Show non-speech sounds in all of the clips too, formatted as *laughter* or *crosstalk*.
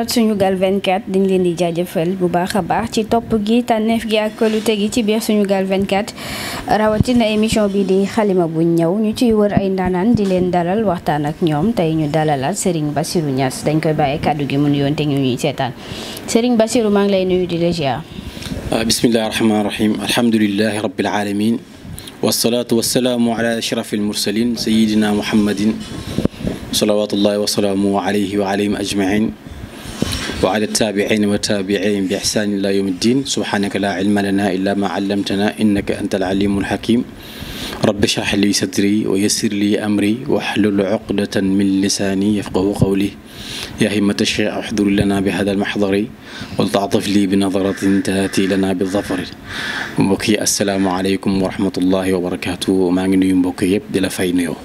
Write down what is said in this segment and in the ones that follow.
internet Sunugal 24 dañ leen di jaajëfal bu baax a baax ci topp gi tànneef gi ak lu te gi ci biir Sunugal 24 rawatina émission bi di xalima bu ñaw ñu ciy wër ay ndaanaan di leen dalal waxtaan ak ñoom tey ñu dalalal Serigne Bassirou Niass dañ koy bàyyee kàddu gi mu nuyoon te ñu ñuy seetaan sëriñ Bassirou maa lay nuyu di la ziar. Ah, bismillahi rahmaani rahim alhamdulilahi rabbil alamin wasalaatu wasalaamu ala ashrafil mursalin sayidina muhammadin salawaatullahi wasalaamu alayhi wa alayhim wa ala taabiin wa taabiin bi ihsaan ila yawmi ddin subhanaka laa ilma lana illa ma allamtana innaka anta alalimu alhakim rabbi shrah li sadri wa yassir li amri wahlul uqdatan min lisani yafqahu qawli yaa himmata cheikh ahdur lana bi hada almahdari wal taataf li bi nadaratin taati lana bi zafari mbokk yi asalaamaaleykum wa rahmatullahi wa barakatuh maa ngi nuyu mbokk yëpp di la fay nuyoo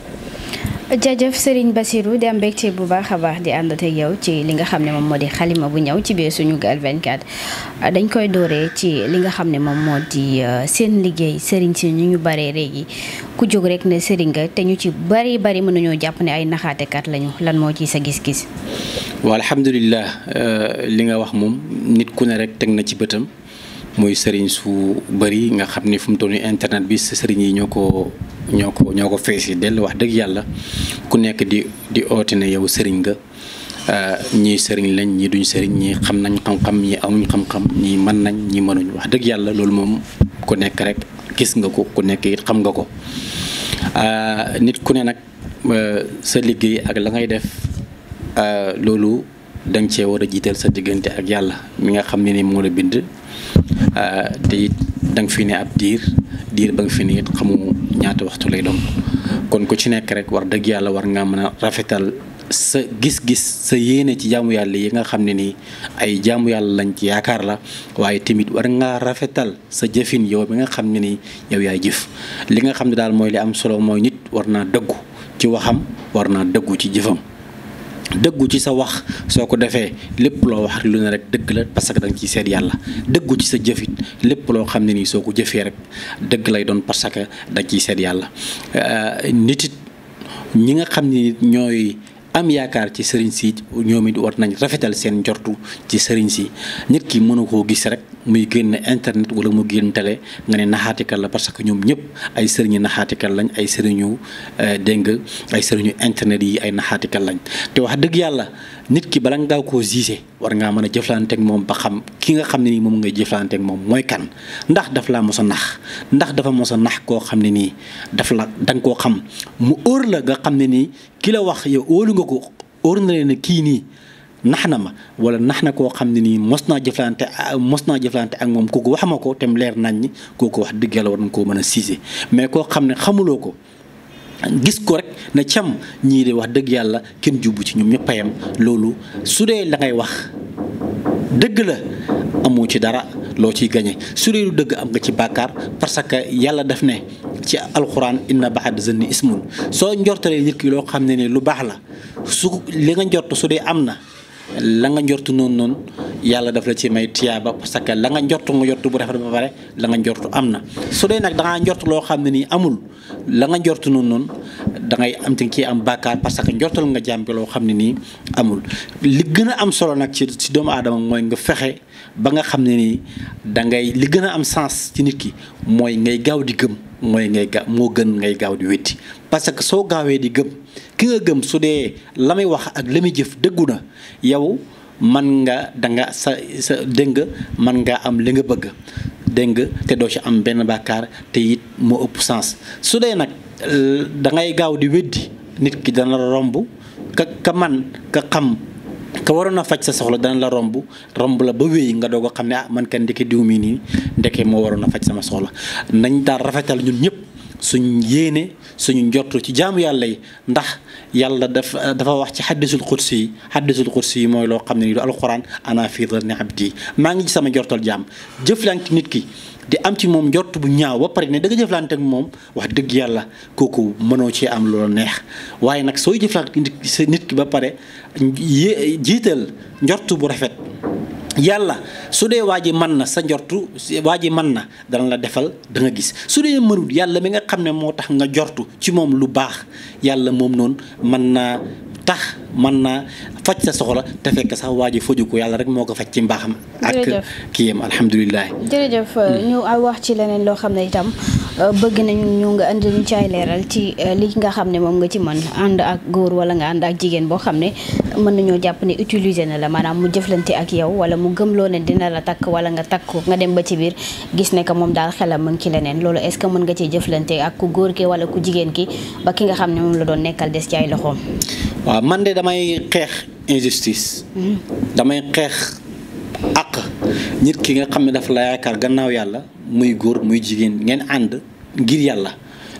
jajëf Serigne Bassirou di am mbégte bu baax a baax di ànd ak yow ci li nga xam ne moom moo di xalima bu ñëw ci biir suñu gaal 24 dañ koy dooree ci li nga xam ne moom moo di euh, seen liggéey Serigne si ñu ñu baree léegi ku jóg rek ne Serigne nga te ñu ci bari bari mën nañoo jàpp ne ay naxaatekat lañu lan moo ci sa gis-gis. waaw alhamdulilah euh, li nga wax moom nit ku ne rek teg na ci bëtam muy Serigne su bari nga xam ne fu mu toll internet bi Serigne yi ñoo ko. ñoo ko ñoo ko fees yi dell wax dëgg yàlla ku nekk di di oote yow sëriñ nga euh, ñii sëriñ lañ ñii duñ sëriñ ñii xam nañ xam-xam ñii amuñ xam-xam mën nañ ñii mënuñ wax dëgg yàlla loolu moom ku nekk rek gis nga ko ku nekk it xam nga ko euh, nit ku ne nag euh, sa liggéey ak la ngay def loolu dañ cee war a jiital sa diggante ak yàlla mi nga xam ne ni moo la bind te da nga fi ne ab diir diir ba nga fi ne xamu ñaata waxtu lay doon kon ku ci nekk rek war dëgg yàlla war ngaa mën a rafetal sa gis-gis sa yéene ci jaamu yàlla yi nga xam ne nii ay jaamu yàlla lañ ci yaakaar la waaye tamit war ngaa rafetal sa jëfin yow bi nga xam ne ni yow yaay jif li nga xam ne daal mooy li am solo mooy nit war naa dëggu ci waxam war naa dëggu ci jëfam dëggu ci sa wax soo ko defee lépp loo wax lu ne rek dëgg la parce que da ciy seet yàlla dëggu ci sa jëfit lépp loo xam ne nii soo ko jëfee rek dëgg lay doon parce que da ciy seet yàlla euh, nit ñi nga xam ni ñooy. am yaakaar ci sëriñ si ñoom it war nañ rafetal seen njortu ci sëriñ si nit ki mënu koo gis rek muy génn internet wala mu génn télé nga ne naxaatikat la parce que ñoom ñëpp ay sëriñu naxaatikat lañ ay sëriñu euh, dégg nga ay sëriñu internet yi ay naxaatikat lañ te wax dëgg yàlla. nit ki bala ngaa koo gisee war ngaa mën a jëflanteeg moom ba xam ki nga xam ne nii moom ngay jëflanteeg moom mooy kan ndax daf laa mos a nax ndax dafa mos a nax koo xam ne nii daf la da nga koo xam mu óor la nga xam ne nii ki la wax yow óolu nga ko óor na leen ne kii nii nax na ma wala nax na koo xam ne nii mos naa jëflante mos naa jëflante ak moom kooku wax ma ko te leer nañ ni kooku wax dëgg yàlla war na koo mën a gisee mais koo xam ne xamuloo ko. gis ko rek ne cam ñii de wax dëgg yàlla kenn jubbu ci ñoom ñëpp yem loolu su dee la ngay wax dëgg la amoo ci dara loo ciy gañe su dee lu dëgg am nga ci bàkkaar parce que yàlla def ne ci alxuraan inna ba'da zanni ismun soo njortalee nit loo xam ne ni lu baax la su li nga njort su dee am na la nga njortu noonu noonu yàlla def la ci may tiyaaba parce que la nga njortu nga njortu bu rafet ba pare langa nga njortu am na su dee nag da ngaa njortu loo xam ne nii amul la nga njortu noonu noonu da ngay am te ci am bàkkaar parce que njortal nga jàmm loo xam ne nii amul li gën a am solo nag ci ci doomu aadama mooy nga fexe ba nga xam ne nii da ngay li gën a am sens ci nit ki mooy ngay gaaw di gëm mooy ngay ga moo gën ngay gaaw di wétti parce que soo gaawee di gëm ki nga gëm su dee la muy wax ak la muy jëf dëggu na yow man nga danga sa sa dégg nga man ngaa am li nga bëgg dégg nga te doo ci am benn bàkkaar te it moo ëpp sens su dee nag da ngay gaaw di weddi nit ki dana la romb ka ka man ka xam ka waroon a faj sa soxla dana la romb romb la ba wéy nga doog a xam ne ah man kan ndeke diw mii nii ndeke moo waroon a faj sama soxla nañ daal rafetal ñun ñëpp. suñ yéene suñu njortu ci jaamu yàlla yi ndax yàlla dafa dafa wax ci xaddisul xursi yi xaddisul xursi yi mooy loo xam ne ni du alxuraan ana fii dhanni abdi maa ngi ci sama njortal jaam jëflante nit ki di am ci moom njort bu ñaaw ba pare ne da nga jëflante ak moom wax dëgg yàlla kooku mënoo cee am loola neex waaye nag sooy jëflante nit ki ba pare jiital njort bu rafet yàlla su dee waaji ji mën na sa njortu waaji ji mën na dana la defal da nga gis su dee mënut yàlla mi nga xam ne moo tax nga jortu ci moom lu baax yàlla moom noonu mën naa tax mën naa faj sa soxla te fekk sax waa ji faju ko yàlla rek moo ko faj ci mbaaxam. ak kiyam alhamdulilah. jërëjëf mm. ñu wax ci leneen loo xam ne itam euh, bëgg nañu ñu nga andi ñu ci ay leeral ci euh, li nga xam ne moom nga ci mën ànd ak góor wala nga ànd ak jigéen boo xam ne mën nañoo jàpp ne utiliser na la maanaam mu jëflante ak yow wala mu gëmloo ne dina la takk wala nga takk nga dem ba ci biir gis ne que moom daal xelam mu ci leneen loolu est-ce que mën nga cee jëflante ak ku góor ki wala ku jigéen ki ba ki nga xam ne moom la doon nekkal des ci ay loxoom. waaw man de dama damay xeex injustice. damay xeex àq nit ki nga xam ne dafa la gannaaw yàlla muy góor muy jigéen ngeen ànd ngir yàlla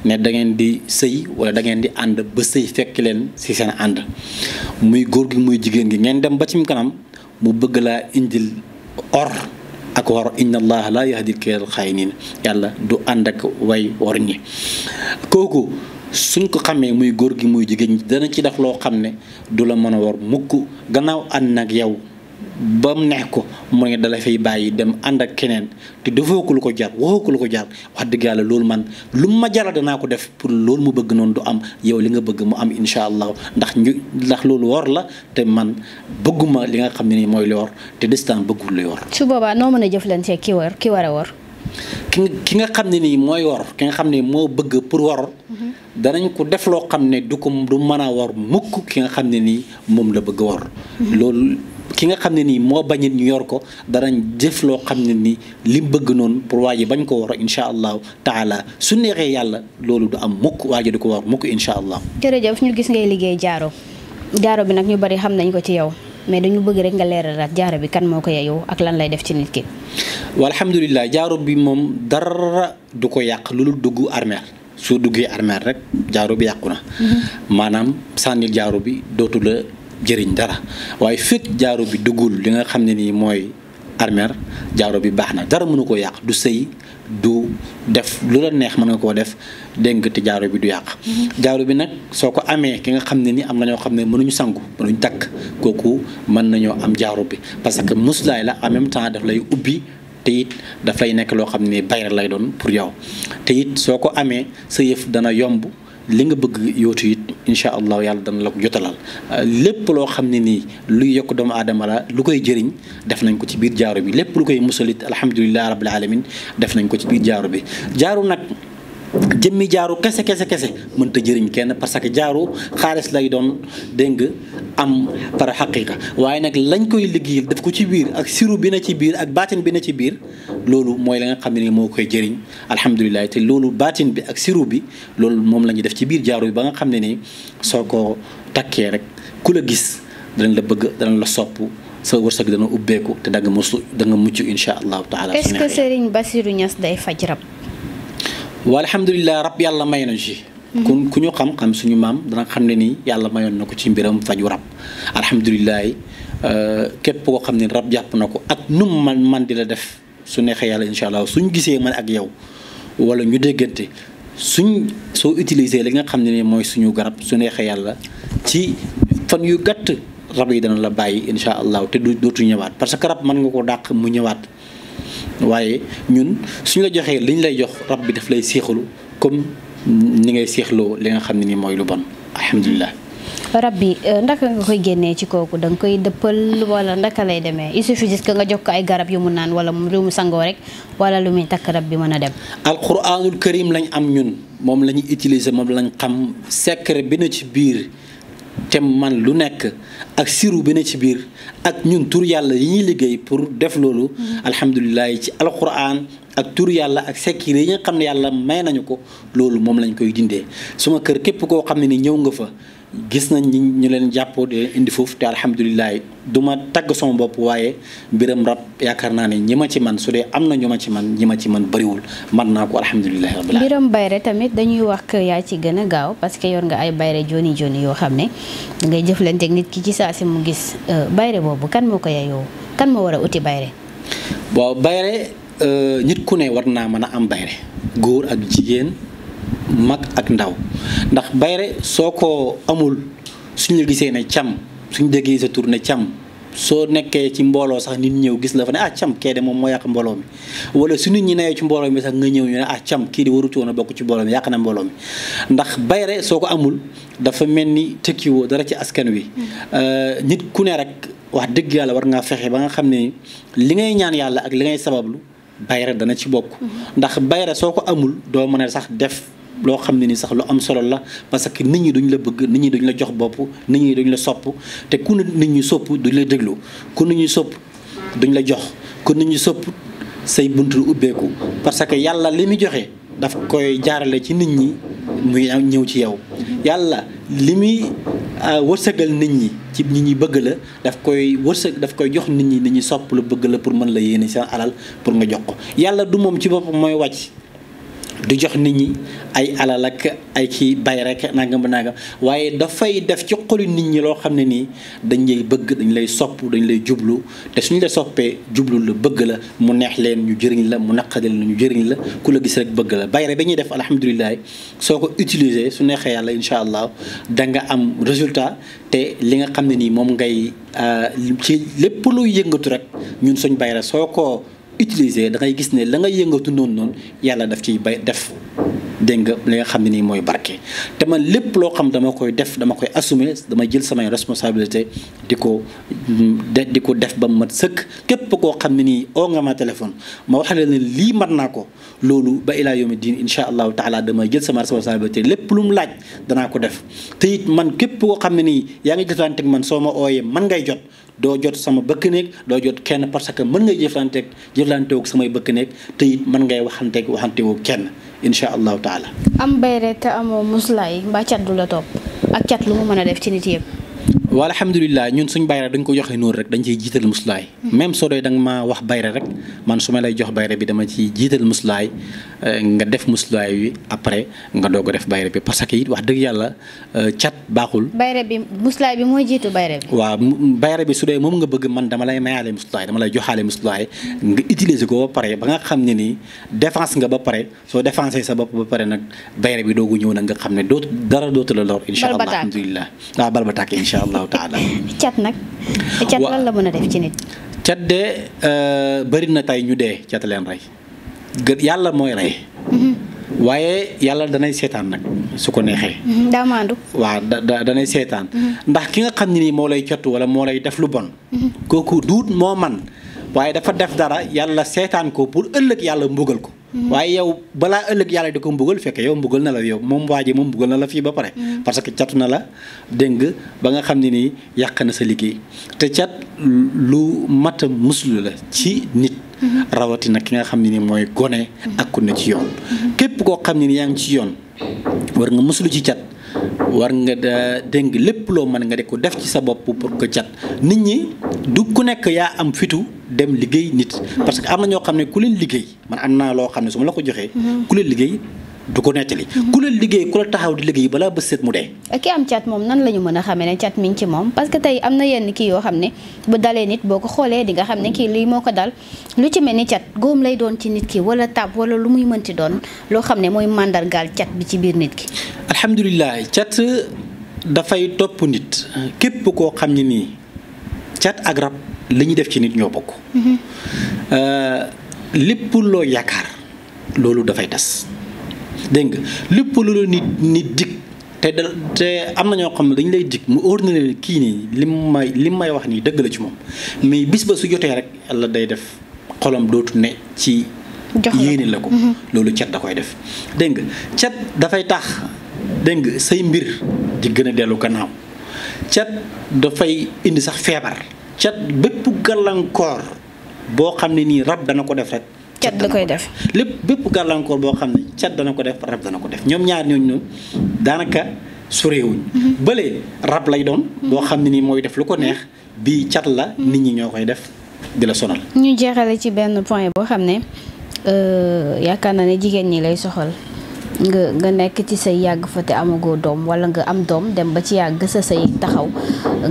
ne da ngeen di sëy wala da ngeen di ànd ba sëy fekk leen ci seen ànd muy góor gi muy jigéen gi ngeen dem ba cim kanam mu bëgg laa indil or. ak or inna allah la yahdi kayal xaayinin yàlla du ànd ak way war ñi kooku suñ ko xamee muy góor gi muy jigéen ñi dana ci def loo xam ne du la mën a war mukk gannaaw ànd nag yow ba mu neex ko mooy dala fay bàyyi dem ànd ak keneen te defoo ko lu ko jar waxoo ko lu ko jar wax dëgg yàlla loolu man lu ma jaral danaa ko def pour loolu mu bëgg noonu du am yow li nga bëgg mu am incha allah ndax ñu ndax loolu wor la te man bëgguma li nga xam ne nii mooy li wor te destan bëggul li wor. su boobaa noo mën a jëflante ki war ki war a wor. ki nga xam ne nii mooy war ki nga xam ne moo bëgg pour wor danañ ko def loo xam ne du ko du mën a wor mukk ki nga xam ne nii moom la bëgg wor loolu ki nga xam ne nii moo bañit ñu yor ko danañ jëf loo xam ne nii li bëgg noonu pour waa ji bañ koo war incha allah taala su neexee yàlla loolu du am mukk waa ji du ko war mukk incha allah. jërëjëf ñu gis ngay liggéey jaaro jaaro bi nag ñu bari xam nañ ko ci yow. mais dañu bëgg rek nga leeralaat jaaro bi kan moo ko yeyoo ak lan lay def ci nit ki. waaw jaaro bi moom dara du ko yàq lu dugg armeel soo duggee armeel rek jaaro bi yàqu na. Mm-hmm. maanaam sànnil jaaro bi dootu la jëriñ dara waaye fekk jaaro bi duggul li nga xam ne nii mooy armeel jaaro bi baax na dara mënu ko yàq du sëy. du def lu la neex mën nga koo def dégg te jaaro bi du yàq. Mm-hmm. jaaro bi nag soo ko amee ki nga xam ne ni am na ñoo xam ne mënuñu sangu mënuñu takk kooku mën nañoo am jaaro bi parce que muslaay la en même temps daf lay ubbi. te it daf lay nekk loo xam ne bayra lay doon pour yow te it soo ko amee sa yëf dana yomb li nga bëgg yootu it incha allahu yàlla dana la ko jotalal euh, lépp loo xam ne nii luy yokk doomu aadama la lu koy jëriñ def nañ ko ci biir jaaro bi lépp lu koy musalit alhamdulilah rabbil alamin def nañ ko ci biir jaaro bi jaaru nag jëmmi jaaru kese kese kese mënta jëriñ kenn parce que jaaru xaalis lay doon dégg nga am par xaqiqa waaye nag lañ koy liggéey def ko ci biir ak siru bi na ci biir ak baatin bi na ci biir loolu mooy la nga xam ne moo koy jëriñ alhamdulilah te loolu baatin bi ak siru bi loolu moom la ñuy def ci biir jaaru bi ba nga xam ne ni soo ko takkee rek ku la gis danañ la bëgg danañ la sopp sa wërsëg dana ubbeeku te da nga da nga mucc incha allah taala. est-ce que Serigne Bassirou day faj rab. walhamdulilah rab yàlla may na ci mhm. kun ku ñu xam-xam suñu maam dana xam ne nii yàlla mayoon na ko ci mbiram faju rab alhamdulilah euh, képp koo xam ne rab jàpp na ko ak num man man di la def su neexee yàlla incha allah suñ gisee man ak yow wala ñu déggante suñ soo utiliser li nga xam ne nii mooy suñu garab su neexee yàlla ci fan yu gàtt rab yi dana la bàyyi incha te du dootu ñëwaat parce que rab mën nga ko dàq mu ñëwaat. waaye ñun suñu la joxee liñ lay jox rab bi daf lay séexalu comme ni ngay séexloo li nga xam ne ni mooy lu bon alhamdulilah. rab bi euh, ndaka nga koy génnee ci kooku da nga koy dëppal wala ndaka lay demee il suffit juste que nga jox ko ay garab yu mu naan wala lu mu sangoo rek wala lu muy takk rab bi mën a dem. alquranul karim lañ am ñun moom la ñu utiliser moom lañ xam secret bi na ci biir. te man lu nekk ak siru bi ne ci biir ak ñun tur yàlla yi ñuy liggéey pour def loolu mm-hmm. alhamdulilah ci alquran ak tur yàlla ak sekkir yi nga xam ne yàlla may nañu ko loolu moom lañ koy dindee suma kër képp koo xam ne ni ñëw nga fa gis nañ ñi ñu leen jàppoo de indi foofu te alhamdulilah du ma tagg sama bopp waaye biram rab yaakaar naa ne ñi ma ci man su dee am na ñu ma ci man ñi ma ci man bëriwul man naa ko alhamdulilah rabbil alamin mbiram bayre tamit dañuy wax que yaa ci gën gaaw parce que yor nga ay bayre joni joni yoo xam ne ngay jëflante ak nit ki ci saa si mu gis euh, bayre boobu kan moo ko yayoo kan moo war a uti bayre waaw bayre euh, nit ku ne war naa mën a am bayre góor ak jigéen mag ak ndaw ndax bayre soo ko amul suñu la gisee ne cam suñ déggee sa tur ne cam soo nekkee ci mbooloo sax nit ñëw gis la fa ne ah cam moom moo yàq mi wala su nit ñi newee ci mbooloo mi sax nga ñëw ñu ne ah cam kii di waru ci bokk ci mbooloo mi yàq na mbooloo mi ndax bayre soo ko amul dafa mel ni tëkkiwoo dara ci askan wi mm. euh, ku ne rek wax dëgg yàlla war ngaa fexe ba nga xam ne li ngay ñaan yàlla ak li ngay sabablu bayre ci bokk mm-hmm. ndax bayre soo ko amul doo mën a sax def loo xam ne ni sax lu am solo la parce que nit ñi duñ la bëgg nit ñi duñ la jox bopp nit ñi duñ la sopp te ku nit ñi sopp duñ la déglu ku nit ñi sopp duñ la jox ku nit ñi sopp say bunt ubbeeku parce que yàlla li muy joxe daf koy jaarale ci nit ñi muy ñëw ci yow yàlla li muy wërsëgal nit ñi ci nit ñi bëgg la daf koy wërsëg daf koy jox nit ñi nit ñi sopp lu bëgg la pour mën la yéene seen alal pour nga jox ko yàlla du moom ci boppam mooy wàcc du jox nit ñi ay alal ak ay ci bay rek nangam nangam waaye dafay def ci xolu nit ñi loo xam ne nii dañ lay bëgg dañu lay sopp dañ lay jublu te suñ la soppee jublu la bëgg la mu neex leen ñu jëriñ la mu naqari la ñu jëriñ la ku la gis rek bëgg la bay rek ba ñuy def alhamdulilah soo ko utiliser su neexee yàlla incha allah da nga am résultat te li nga xam ne nii moom ngay euh, ci lépp luy yëngatu rek ñun suñ bay rek soo ko utiliser da ngay gis ne la nga yëngatu noonu noon yàlla daf ciy bay def dégg nga li nga xam ne nii mooy barke. te man lépp loo xam dama koy def dama koy assumer dama jël samay responsabilité di ko di ko def ba mu mat sëkk képp koo xam ne nii nga ma téléphone ma wax la lii mat naa ko loolu ba ilaa yawmi diin incha allahu taala dama jël sama responsabilité lépp lu mu laaj danaa ko def te it man képp koo xam ne nii yaa ngi jëfandikoo man soo ma ooyee man ngay jot. doo jot sama bëkk néeg doo jot kenn parce que mën ngay jëflanteeg jëflanteeg samay bëkk néeg te it mën ngay waxanteeg waxantewu kenn incha allahu taala. am bayre te amoo muslaay mbaa cat du la topp ak cat lu mu mën a def ci nit yëpp. waaw alhamdulilah ñun suñ bayre dañ ko joxe noonu rek dañ ciy jiital muslaay hmm. même soo doy da nga wax bayre rek man su ma lay jox bayre bi dama ci jiital muslaay eh, nga def muslaay wi après nga doog a def bayre bi parce que it wax dëgg yàlla eh, cat baaxul. bayre bi muslaay bi mooy jiitu bayre bi. waaw bi su dee moom nga bëgg man dama lay mayaale muslaay dama lay joxaale muslaay nga utiliser ko ba pare ba nga xam ne nii défense nga ba pare soo défensé sa bopp ba pare nag bayre bi doogu ñëw na nga xam ne dootu dara dootu la lor. incha allah alhamdulilah waaw allah allahu taala. *laughs* cat nag. cat lan la mën a def ci nit. cat de euh, bëri na tey ñu dee cat leen rey gë yàlla mooy rey. Mhm. waaye yàlla danay seetaan nag su ko neexee. Mhm, daa maandu. danay seetaan. Mhm. ndax ki nga xam ne moo lay cat wala moo lay def lu bon. kooku duut moo man waaye dafa def dara yàlla seetaan ko pour ëllëg yàlla mbugal ko. Mm-hmm. waaye yow balaa ëllëg yàlla di ko mbugal fekk yow mbugal na la yow moom waa ji moom mbugal na la fii ba pare. Mm-hmm. parce que catu na la dégg ba nga xam ne nii yàq na sa liggéey te cat lu mat a muslu la ci nit. Mm-hmm. rawatina ki nga xam ne nii mooy gone. ak ku ne ci yoon. képp koo xam ne nii yaa ngi ci yoon war nga muslu ci cat. war nga da déng lépp loo mën nga di ko def ci sa bopp pour que cat nit ñi du ku nekk yaa am fitu dem liggéey nit parce que am na ñoo xam ne ku leen liggéey man am naa loo xam ne su ma la ko joxee mm-hmm. ku leen liggéey du ko nettali. Mhm. ku la liggéey ku la taxaw di liggéey balaa bës set mu dee. ki am cat moom nan la ñu mën a xamee ne cat mi ngi ci moom parce tey am na yenn kii yoo xam ne bu dalee nit boo ko xoolee di nga xam ne kii lii moo ko dal lu ci mel ni cat góom lay doon ci nit ki wala tab wala lu muy mënti doon loo xam ne mooy màndargaal cat bi ci biir nit ki. alhamdulilah cat dafay topp nit képp koo xam ne nii cat ak rab li ñuy def ci nit ñoo bokk. Mhm. Euh, lépp loo yaakaar loolu dafay tas. dégg nga lépp lu la nit nit dig te da te am na ñoo xam ne dañu lay dikk mu ordinaire kii nii li mu may li may wax nii dëgg la ci moom mais bis ba su jotee rek yàlla day def xolam dootu ne ci. yéene la ko mm-hmm. loolu cat da koy def. dégg nga cat dafay tax dégg nga say mbir di gën a dellu kanaaw cat dafay indi sax feebar. cat bépp gàllankoor boo xam ne nii rab dana ko def rek. cat la koy def lépp bépp gàllankoor boo xam ne cat dana ko def rab dana ko def ñoom ñaar ñooñu noonu daanaka soreewuñ mm-hmm. bële rab lay doon mm-hmm. boo xam ne nii mooy def lu ko mm-hmm. neex bii cat la nit ñi ñoo koy def di la sonal ñu jeexale ci benn point boo xam ne euh, yaakaar naa ne jigéen ñi lay soxal nga nga nekk ci say yàgg fa te amagoo doom wala nga am doom dem ba ci yàgg sa say taxaw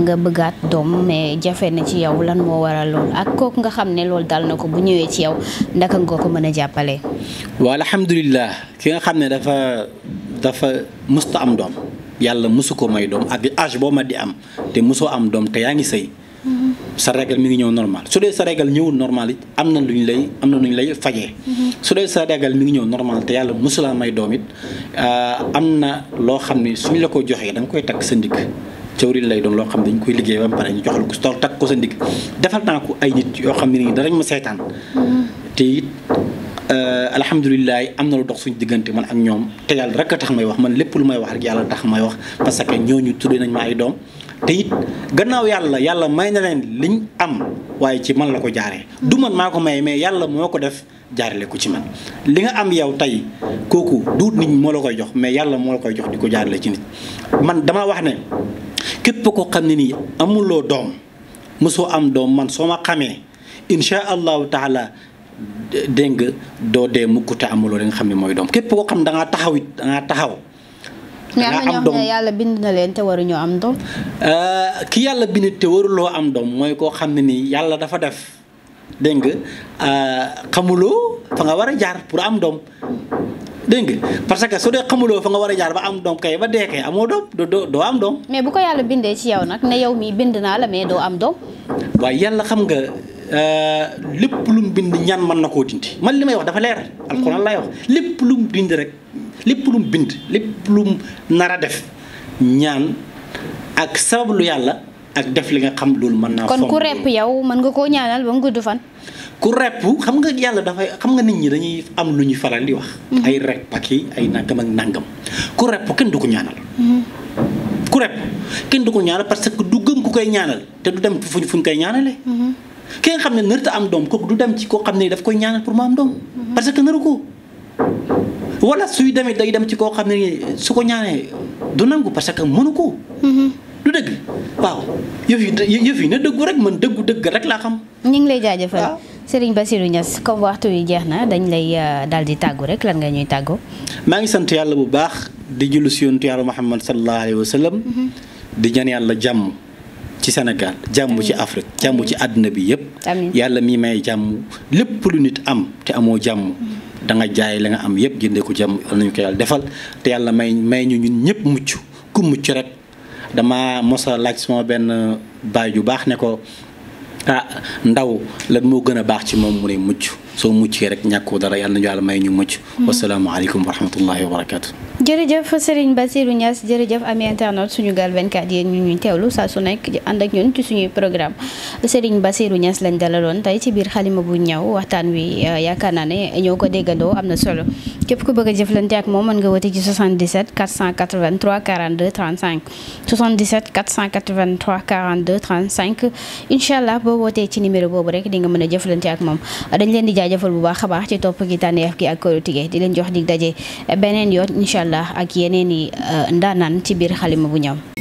nga bëggaat doom mais jafe na ci yow lan moo waral lool ak kook nga xam ne loolu dal na ko bu ñëwee ci yow ndaka nga ko mën a jàppalee. waaw alhamdulilah ki nga xam ne dafa dafa musta am doom yàlla musu ko may doom ak aj boo ma di am te musoo am doom te yaa ngi sëy sa régal mi ngi ñëw normal su dee sa régal ñëwul normal it am na lu ñu lay am na lu ñu lay fajee. Mm-hmm. su dee sa regal mi ngi ñëw normal te yàlla mosulaa may doom it euh, am na loo xam ne suñ la ko joxee da koy takk sa ndigg cawril lay doom loo xam ne dañ koy liggéey ba pare ñu joxal ko si takk ko sa ndigg defal naa ko ay nit yoo xam ne nii danañ ma seetaan. Mm-hmm. te it euh, alhamdulilah am na lu dox suñu diggante man ak ñoom te yàlla rekk a tax may wax man lépp lu may wax rek yàlla tax may parce que ñooñu tuddee nañ ma ay doom. te it gannaaw yàlla yàlla may na leen liñ am waaye ci man la ko jaare du man maa ko maye mais yàlla moo ko def jaarle ko ci man li nga am yow tey kooku duut nit moo la koy jox mais yàlla moo la koy jox di ko jaarale ci nit man dama wax ne képp ko xam ne nii amuloo doom mosoo am doom man soo ma xamee incha allahu taala dégg nga doo dee mukk te amuloo li nga xam ne mooy doom képp ko xam da ngaa taxaw it da taxaw mais am na ne yàlla bind na leen te waruñoo am doom. Euh, ki yàlla bind te waruloo am doom mooy koo xam ne nii yàlla dafa def dégg nga euh, xamuloo fa war a jaar pour am doom. dégg nga parce que su dee xamuloo fa nga war a jaar ba am doom kay ba amoo doom doo am doom. mais bu ko yàlla bindee ci nag ne yow mii bind naa la mais doo am doom. waaye yàlla xam nga euh, lépp lu bind ñan mën na koo dindi man li may wax dafa leer. alxuraan laay wax lépp lu mu rek lépp lu mu bind lépp lu mu nar a def ñaan ak lu yàlla ak def li nga xam loolu mën naa. kon ku repp yow mën nga koo ñaanal ba mu gudd fan. ku repp xam nga yàlla dafay xam nga nit ñi dañuy am lu ñuy faral di wax. Mhm. ay repp ak ay nangam ak nangam ku repp kenn du ko ñaanal. Mhm. ku repp kenn du ko ñaanal parce que du gëm ku koy ñaanal te du dem fuñ fuñ koy ñaanale mhm. ki nga xam ne nërta am doom kooku du dem ci koo xam ne daf koy ñaanal pour mu am doom. parce que naru ko. wala suy demee day dem ci koo xam ne su ko ñaanee du nangu parce que mënu ko. Mm-hmm. du dëgg waaw yëf yi yëf yi na dëggu rek mën dëggu dëgg rek laa xam. ñu ngi lay jaajëfal Serigne Bassirou Niass comme waxtu yi jeex na dañ lay euh, daal di tàggu rek lan nga ñuy tàggu. maa ngi sant yàlla bu baax di jullu si yontu yàlla Muhammad sallallahu alayhi wa sallam. Mm-hmm. di ñaan yàlla jàmm. ci Sénégal jàmm ci Afrique jàmm ci àddina bi yëpp. yàlla mii may jàmm lépp lu nit am te amoo jàmm. Mm-hmm. da nga jaay li nga am yëpp jëndee ko ci am nañu ko yàlla defal te yàlla may may ñu ñun ñëpp mucc ku mucc rek dama mosa laaj sama benn baay ju baax ne ko ah ndaw lan moo gën a baax ci moom mu ne mucc soo muccee rek ñàkkoo dara yàlla nañu yàlla may ñu mucc. Hmm. wasalaamaaleykum wa rahmatullahi wa barakaatu. jërëjëf Serigne Bassirou Niass jërëjëf ami internet Sunugal 24 yéen ñu ñuy teewlu saa su nekk di ànd ak ñun ci suñuy programme Serigne Bassirou ñas lañ dalaloon tey ci biir xalima bu ñaw waxtaan wi euh, yaakaar naa ne ñoo ko déggandoo am na solo. képp ku bëgg a jëflante ak moom mën nga woote ci 77 483 42 35 77 483 42 35 incha allah boo wootee ci numéro boobu rek di nga mën a jëflante ak moom dañ leen di jaajëfal bu baax a baax ci topp gi tànneef gi ak kóolu tige di leen jox dig daje beneen yoon incha allah ak yeneen i euh, ndaanaan ci biir xalima bu ñam